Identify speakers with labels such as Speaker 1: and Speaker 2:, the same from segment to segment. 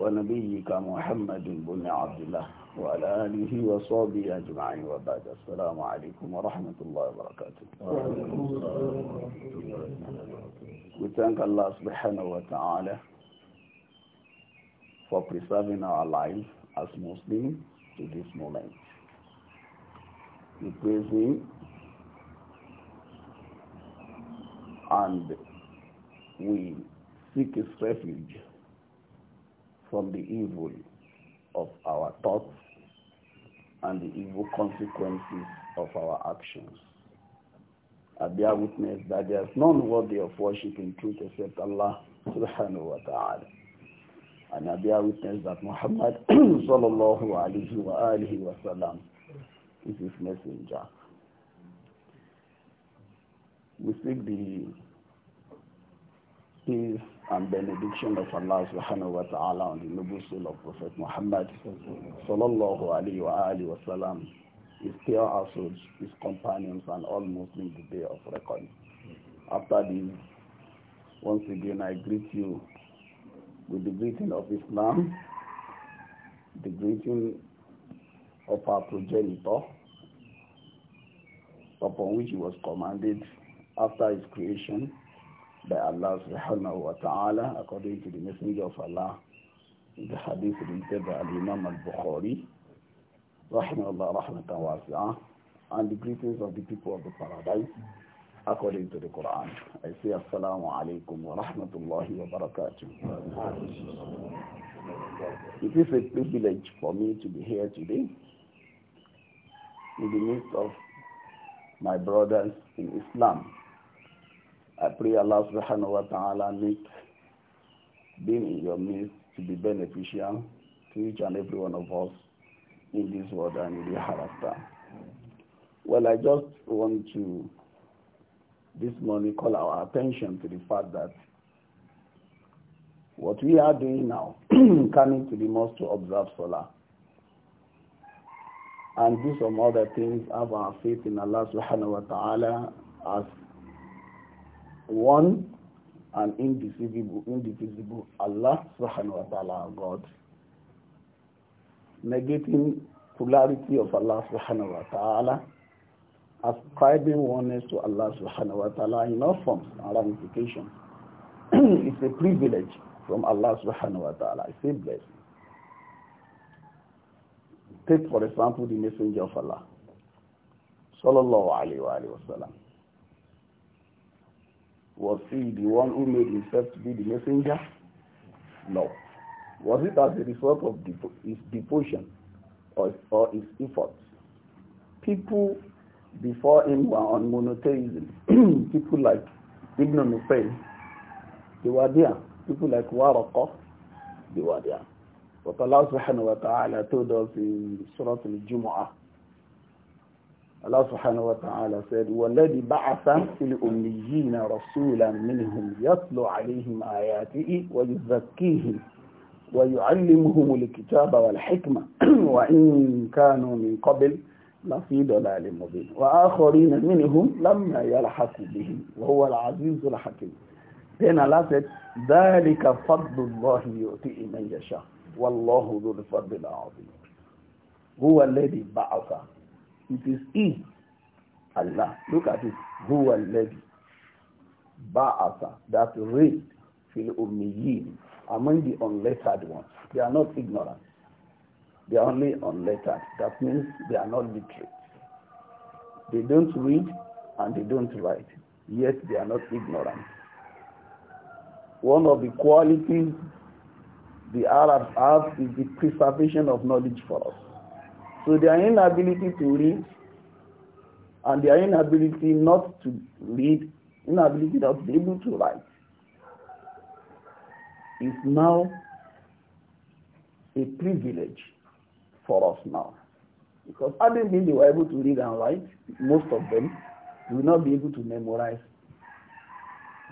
Speaker 1: ونبيك محمد بن عبد الله وعلى آله وصحبه أجمعين وبعد السلام عليكم ورحمة الله وبركاته وتنك الله سبحانه وتعالى for preserving our lives as Muslims to this moment. We praise him and we seek his refuge from the evil of our thoughts and the evil consequences of our actions. I bear witness that there is none worthy of worship in truth except Allah subhanahu wa ta'ala. And I bear witness that Muhammad sallallahu alayhi wa alihi wa sallam is his messenger. We seek the peace and benediction of Allah subhanahu wa ta'ala on the noble soul of Prophet Muhammad sallallahu alayhi wa alihi wa sallam, his pure household, his companions and all Muslims the day of reckoning. After this, once again I greet you with the greeting of Islam, the greeting of our progenitor, upon which he was commanded after his creation by Allah subhanahu wa ta'ala according to the messenger of Allah in the hadith reported by Imam al-Bukhari Rahmatullah, rahmatan wasi'ah and the greetings of the people of the paradise according to the Quran. I say assalamu alaikum wa rahmatullahi wa barakatuh. It is a privilege for me to be here today in the midst of my brothers in Islam I pray Allah subhanahu wa ta'ala make being in your midst to be beneficial to each and every one of us in this world and in the hereafter. Well, I just want to this morning call our attention to the fact that what we are doing now, coming to the mosque to observe Salah, and do some other things, have our faith in Allah subhanahu wa ta'ala as one and indivisible, indivisible Allah subhanahu wa ta'ala God. Negating polarity of Allah subhanahu wa ta'ala, ascribing oneness to Allah subhanahu wa ta'ala in all forms and ramifications. it's a privilege from Allah subhanahu wa ta'ala. It's a blessing. Take for example the messenger of Allah. Sallallahu alayhi wa sallam was he the one who made himself to be the messenger? No. Was it as a result of his devotion or, or his efforts? People before him were on monotheism. People like Ibn Nufayl, they were there. People like Waraqah, they were there. But Allah subhanahu wa ta'ala told us in Surah Al-Jumu'ah, الله سبحانه وتعالى سيد said, وَالَّذِي بَعَثَ فِي الْأُمِّيِّينَ رَسُولًا مِّنْهُمْ يَتْلُو عَلَيْهِمْ آيَاتِهِ وَيُزَكِّيهِمْ وَيُعَلِّمُهُمُ الْكِتَابَ وَالْحِكْمَةَ وَإِن كَانُوا مِن قَبْلُ لَفِي دلال مُبِينٍ وَآخَرِينَ مِنْهُمْ لَمَّا يَلْحَقُوا بِهِمْ وَهُوَ الْعَزِيزُ الْحَكِيمُ Then Allah said, ذَلِكَ فَضْلُ اللَّهِ يُؤْتِيهِ مَن يَشَاءُ وَاللَّهُ ذُو الْفَضْلِ الْعَظِيمِ هُوَ الَّذِي بَعَثَ It is He, Allah. Look at it. Who alladhi ba'asa that raised fil ummiyin among the unlettered ones. They are not ignorant. They are only unlettered. That means they are not literate. They don't read and they don't write. Yet they are not ignorant. One of the qualities the Arabs have is the preservation of knowledge for us. So their inability to read and their inability not to read, inability not to be able to write, is now a privilege for us now. Because hadn't been they were able to read and write, most of them will not be able to memorize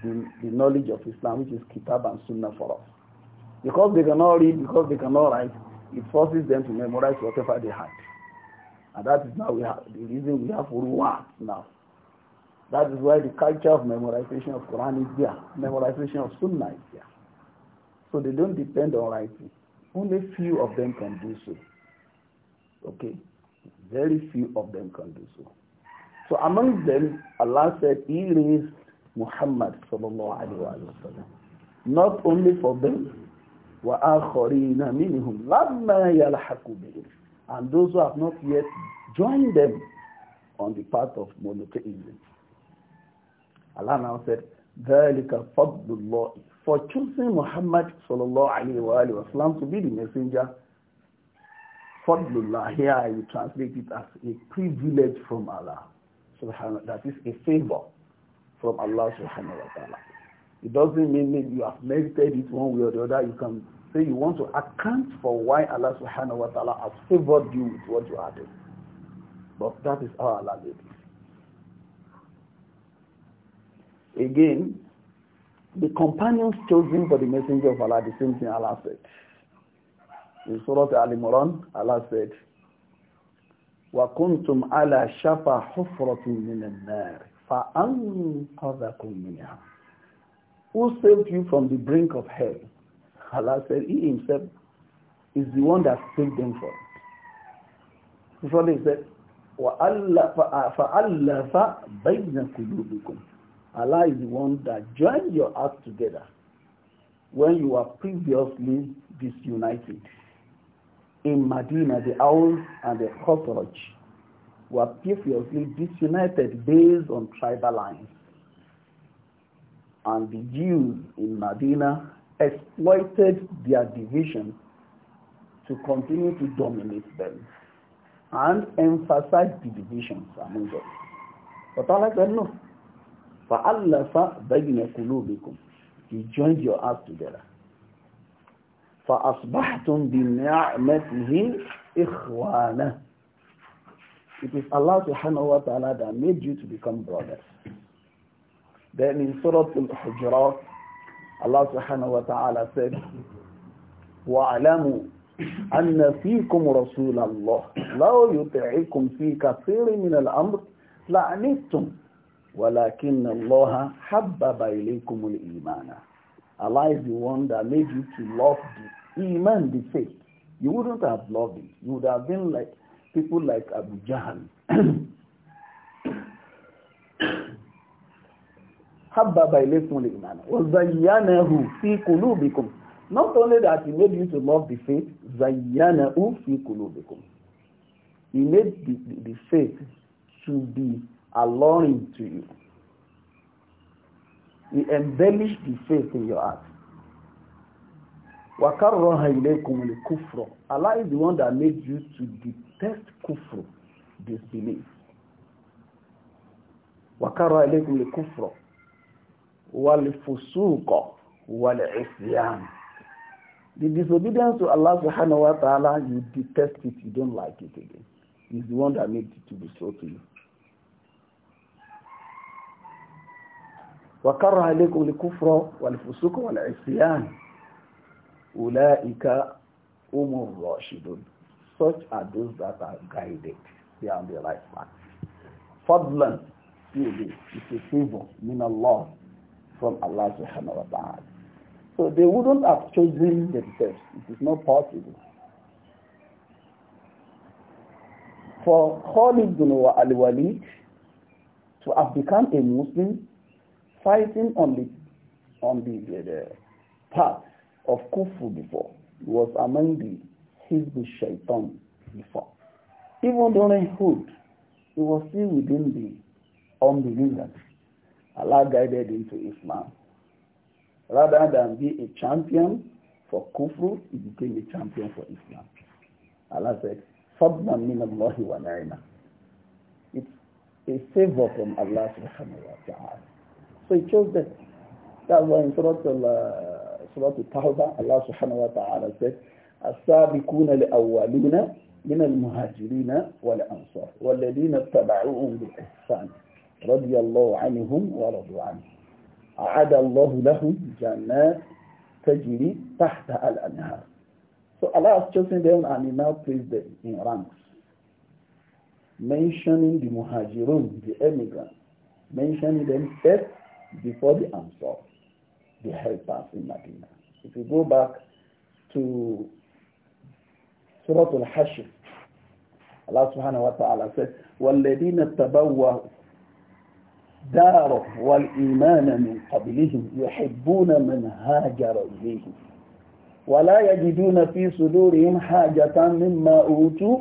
Speaker 1: the, the knowledge of Islam, which is Kitab and Sunnah for us. Because they cannot read, because they cannot write, it forces them to memorize whatever they had. And that is now we have, the reason we have Uruwa now. That is why the culture of memorization of Quran is there. Memorization of Sunnah is there. So they don't depend on writing. Only few of them can do so. Okay? Very few of them can do so. So among them, Allah said, He raised Muhammad sallallahu alayhi wa sallam. Not only for them, wà á kọ̀rí iná mínihùn lámàáyà and those who have not yet joined them on the path of monotheism. Allah now said, ذَلِكَ فَضْلُ اللَّهِ For choosing Muhammad sallallahu alayhi wa sallam to be the messenger, Fadlullah, here I will translate it as a privilege from Allah, that is a favor from Allah subhanahu wa ta'ala. It doesn't mean that you have merited it one way or the other. You can say you want to account for why Allah subhanahu wa ta'ala has favored you with what you are doing. But that is how Allah did it. Again, the companions chosen for the messenger of Allah, the same thing Allah said. In Surah Al-Imran, Allah said, وَكُنْتُمْ عَلَى شَفَى حُفْرَةٍ مِّنَ النَّارِ فَأَنْقَذَكُمْ مِنْهَا who saved you from the brink of hell? Allah said, He himself is the one that saved them from it. That's said. فَأَلَّفَ بَيْنَ قُلُوبِكُمْ Allah is the one that joined your hearts together when you were previously disunited. In Medina, the owls and the cockroach were previously disunited based on tribal lines. and the Jews in Medina exploited their division to continue to dominate them and emphasize the divisions among them. But Allah said, no. فَأَلَّفَ بَيْنَ قُلُوبِكُمْ He joined your hearts together. فَأَصْبَحْتُمْ بِنِعْمَتِهِ إِخْوَانَهِ It is Allah subhanahu wa ta'ala that made you to become brothers. Then in Surah Al-Hujurat, Allah subhanahu wa ta'ala said, وَعَلَمُوا أَنَّ فِيكُمْ رَسُولَ اللَّهِ لَوْ يُطِعِكُمْ فِي كَثِيرٍ مِنَ الْأَمْرِ لَعَنِتُمْ وَلَكِنَّ اللَّهَ حَبَّبَ إِلَيْكُمُ الْإِيمَانَ Allah is the one that made you to love the iman, the faith. You wouldn't have loved it. You would have been like people like Abu Jahan. habbaba ilaykum al-iman wa zayyanahu fi qulubikum not only that he made you to love the faith zayyanahu fi qulubikum he made the, the, the faith to be alluring to you he embellished the faith in your heart wa karraha ilaykum al-kufra Allah is the one that made you to detest kufr disbelief wa karraha ilaykum al-kufra wàlìfùsùkọ̀ wàlìfìyàn. The disobedience to Allah subhanahu wa ta'ala, you detest it, you don't like it again. is the one that made it to be so to you. وَكَرَّ عَلَيْكُمْ الْكُفْرَ وَالْفُسُوقَ وَالْعِصْيَانَ أُولَٰئِكَ هُمُ الرَّاشِدُونَ Such are those that are guided. They are on the right path. فَضْلًا It is من Allah. from Allah subhanahu wa ta'ala. So they wouldn't have chosen themselves. It is not possible. For Khalid bin al-Walid to have become a Muslim fighting on the on the, uh, the, path of Kufu before. He was among the Hizb Shaitan before. Even during hood, he was still within the unbelievers. Allah guided him to Islam. Rather than be a champion for Kufru, he became a champion for Islam. Allah said, Fadna min Allahi wa na'ima. It's a favor from Allah subhanahu wa ta'ala. So he chose that. That's why in Surah, Al-Tawbah, uh, Allah subhanahu wa ta'ala said, السابقون الأولون من المهاجرين والأنصار والذين اتبعوهم ihsan رضي الله عنهم ورضوا عنه أعد الله لهم جنات تجري تحت الأنهار So Allah has chosen them and He now placed them in ranks. Mentioning the muhajirun, the emigrants, mentioning them first before the Ansar, the helpers in Medina. If you go back to Surah Al-Hashr, Allah subhanahu wa ta'ala said, وَالَّذِينَ تَبَوَّهُ داروا والإيمان من قبلهم يحبون من هاجر إليهم ولا يجدون في صدورهم حاجة مما أوتوا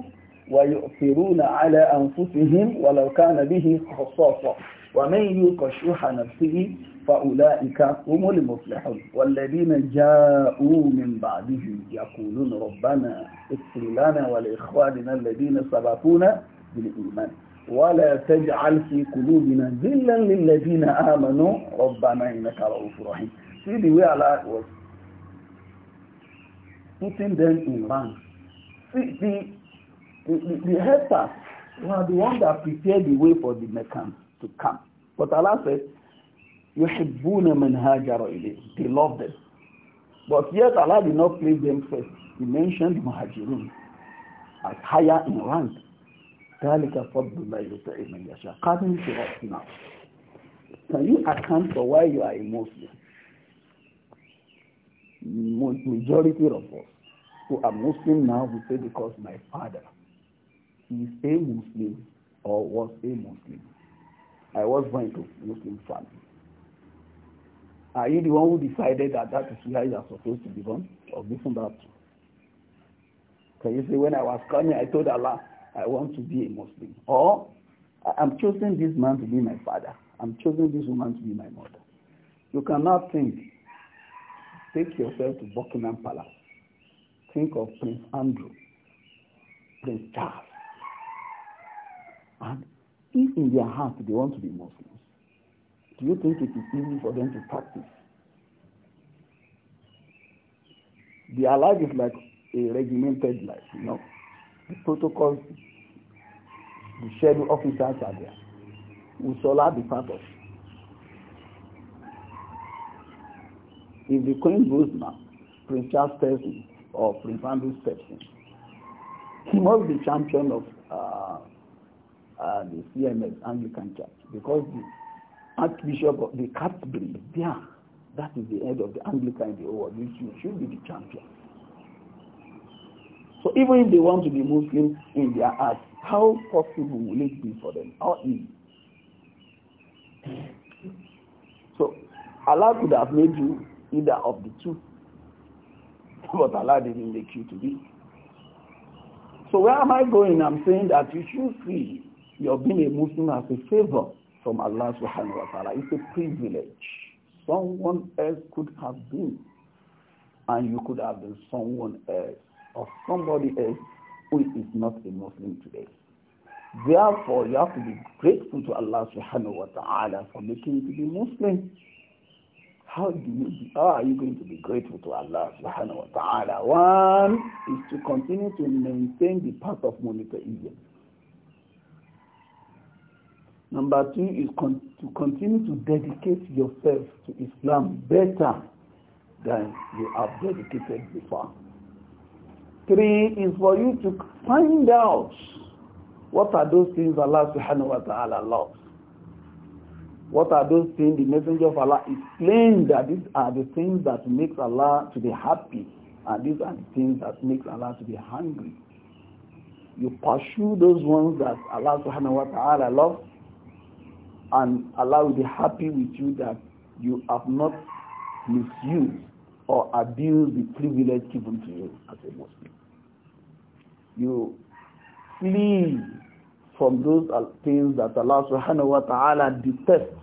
Speaker 1: ويؤثرون على أنفسهم ولو كان به خصاصة ومن يوق شح نفسه فأولئك هم المفلحون والذين جاءوا من بعدهم يقولون ربنا اغفر لنا ولإخواننا الذين سبقونا بالإيمان ولا تجعل في قلوبنا ذلا للذين آمنوا ربنا إنك رؤوف رحيم See the way putting them in rank. See, the, the, the, helpers were the ones that prepared the way for the Meccans to come. But Allah said, يُحِبُّونَ مَنْ هَاجَرَ إِلَيْهِ They loved them. But yet Allah did not place them first. He mentioned Muhajirun as higher in rank ذلك فضل الله يطعم من يشاء coming to us can you account for why you are a Muslim majority of us who are Muslim now we say because my father is a Muslim or was a Muslim I was born into Muslim family are you the one who decided that that is where you are supposed to be born or given that can you say when I was coming I told Allah I want to be a Muslim. Or I'm choosing this man to be my father. I'm choosing this woman to be my mother. You cannot think. Take yourself to Buckingham Palace. Think of Prince Andrew, Prince Charles. And if in their heart they want to be Muslims, do you think it is easy for them to practice? Their life is like a regimented life, you know. The protocols the shadow officers are there. We Salah be part of? If the queen goes now, Prince Charles steps in, or Prince Andrew steps in, he must be champion of uh, uh, the CMS Anglican Church because the Archbishop of the Canterbury is there. That is the head of the Anglican in the world. which should, should be the champion. So even if they want to be Muslim in their heart, how possible will it be for them? How easy? So Allah could have made you either of the two. But Allah didn't make you to be. So where am I going? I'm saying that you should see your being a Muslim as a favor from Allah subhanahu wa ta'ala. It's a privilege. Someone else could have been. And you could have been someone else or somebody else who is not a Muslim today. Therefore, you have to be grateful to Allah subhanahu wa ta'ala for making you to be Muslim. How do you be, how are you going to be grateful to Allah subhanahu wa ta'ala? One is to continue to maintain the path of monotheism. Number two is con to continue to dedicate yourself to Islam better than you have dedicated before. Three is for you to find out what are those things Allah subhanahu wa ta'ala loves. What are those things the messenger of Allah explained that these are the things that makes Allah to be happy and these are the things that makes Allah to be hungry. You pursue those ones that Allah subhanahu wa ta'ala loves and Allah will be happy with you that you have not misused or abuse the privilege given to you as a Muslim. You flee from those things that Allah subhanahu wa ta'ala detests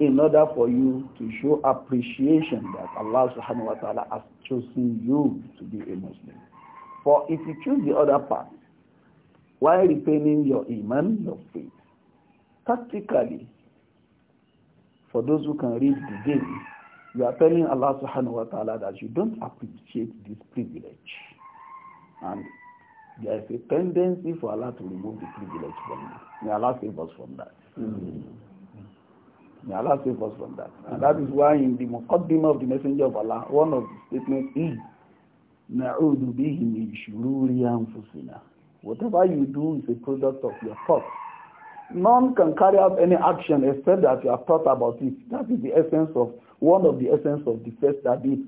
Speaker 1: in order for you to show appreciation that Allah subhanahu wa ta'ala has chosen you to be a Muslim. For if you choose the other path, while retaining your iman, your faith, practically for those who can read the date, you are telling Allah subhanahu wa ta'ala that you don't appreciate this privilege. And there is a tendency for Allah to remove the privilege from you. May Allah save us from that. May Allah save us from that. And that is why in the Muqaddimah of the Messenger of Allah, one of the statements is, نَعُوذُ بِهِ مِنْ شُرُورِ أَنفُسِنَا Whatever you do is a product of your thoughts. None can carry out any action except that you have thought about it. That is the essence of, one of the essence of the first hadith,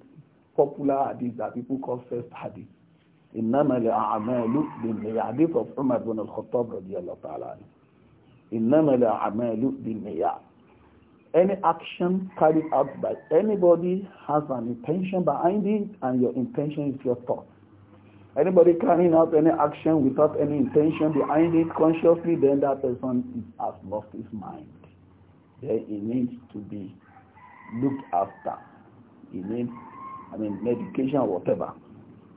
Speaker 1: popular hadith that people call first hadith. Inna إنما الأعمال بالنيات of Umar ibn al-Khattab رضي الله Inna عنه إنما الأعمال بالنيات any action carried out by anybody has an intention behind it and your intention is your thought Anybody carrying out any action without any intention behind it consciously, then that person has lost his mind. Then he needs to be looked after. He needs, I mean, medication or whatever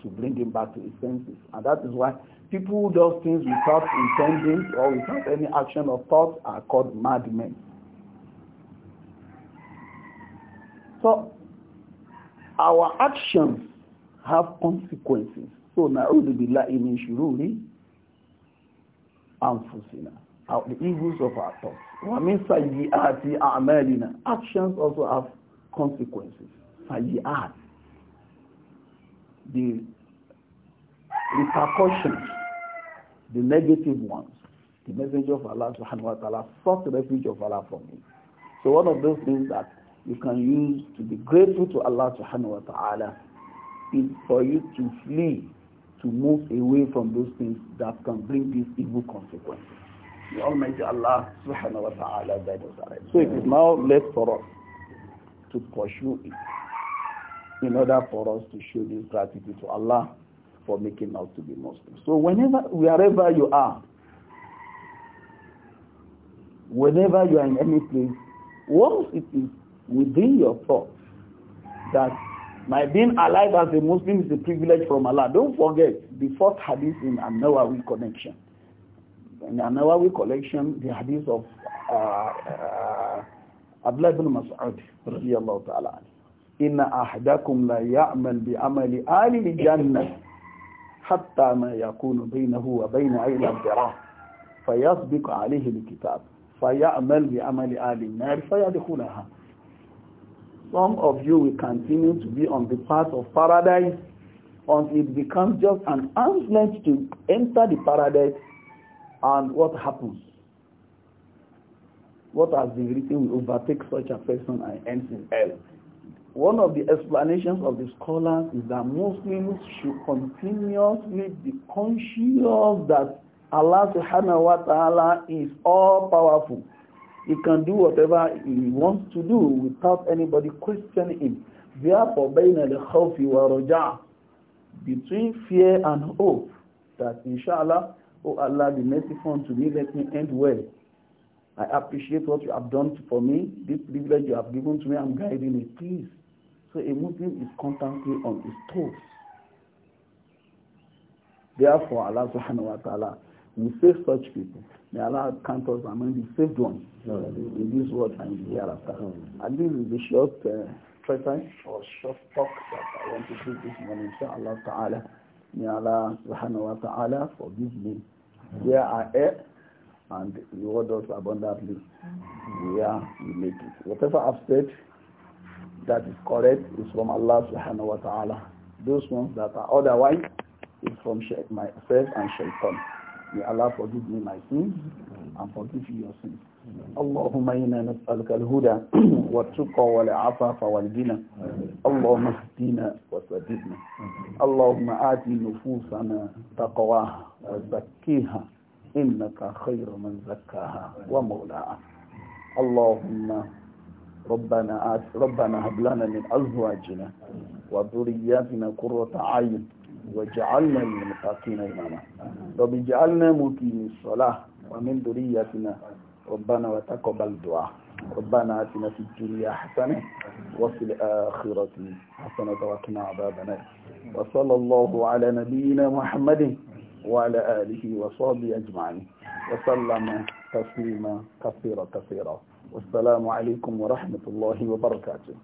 Speaker 1: to bring him back to his senses. And that is why people who do things without intending or without any action or thought are called madmen. So, our actions have consequences. So na'udhu billahi min shururi anfusina. Our, the evils of our thoughts. Wa min sayyiati a'malina. Actions also have consequences. Sayyiat. The repercussions, the negative ones. The messenger of Allah subhanahu wa ta'ala sought refuge of Allah from me. So one of those things that you can use to be grateful to Allah subhanahu wa ta'ala for you to flee, to move away from those things that can bring these evil consequences. Almighty Allah subhanahu wa ta'ala guide us. So it is now left for us to pursue it in order for us to show this gratitude to Allah for making us to be Muslims. So whenever, wherever you are, whenever you are in any place, once it is within your thoughts that my being alive as a Muslim is a privilege from Allah. Don't forget the first hadith in An-Nawawi connection. In An-Nawawi collection, the hadith of uh, uh, Abdullah ibn Mas'ud radiyallahu ta'ala Inna ahdakum la ya'mal bi amali ahli jannah hatta ma yakunu baynahu wa bayna ayla al-dirah fayasbiqu alayhi kitab faya'mal bi amali ahli an-nar some of you will continue to be on the path of paradise until it becomes just an arm's length to enter the paradise. And what happens? What has been written will overtake such a person and ends in hell. One of the explanations of the scholars is that Muslims should continuously be conscious that Allah subhanahu wa ta'ala is all powerful he can do whatever he wants to do without anybody questioning him. Therefore, between fear and hope, that inshallah, oh Allah, be merciful to me, let me end well. I appreciate what you have done for me. This privilege you have given to me, I'm guiding it. Please. So a Muslim is constantly on his toes. Therefore, Allah subhanahu wa ta'ala will save such people. May Allah count us among the saved ones in this world and the hereafter. And this is the short uh, treatise or short talk that I want to do this morning, inshallah ta'ala. May Allah subhanahu wa ta'ala forgive me. Hmm. Where I am, and reward us abundantly. Hmm. Where we make it. Whatever I've said that is correct is from Allah subhanahu wa ta'ala. Those ones that are otherwise is from myself and shaitan. May Allah forgive me my sins and forgive you your sins. اللهم إنا نسألك الهدى والتقى والعفاف والغنى اللهم اهدنا وسددنا اللهم آت نفوسنا تقواها وزكيها إنك خير من زكاها ومولاها اللهم ربنا آت ربنا هب لنا من أزواجنا وذرياتنا قرة عين واجعلنا للمتقين إماما رب اجعلنا مقيم الصلاة ومن ذريتنا ربنا وتقبل دعاء ربنا آتنا في الدنيا حسنة وفي الآخرة حسنة وقنا عذاب النار وصلى الله على نبينا محمد وعلى آله وصحبه أجمعين وسلم تسليما كثيرا كثيرا والسلام عليكم ورحمة الله وبركاته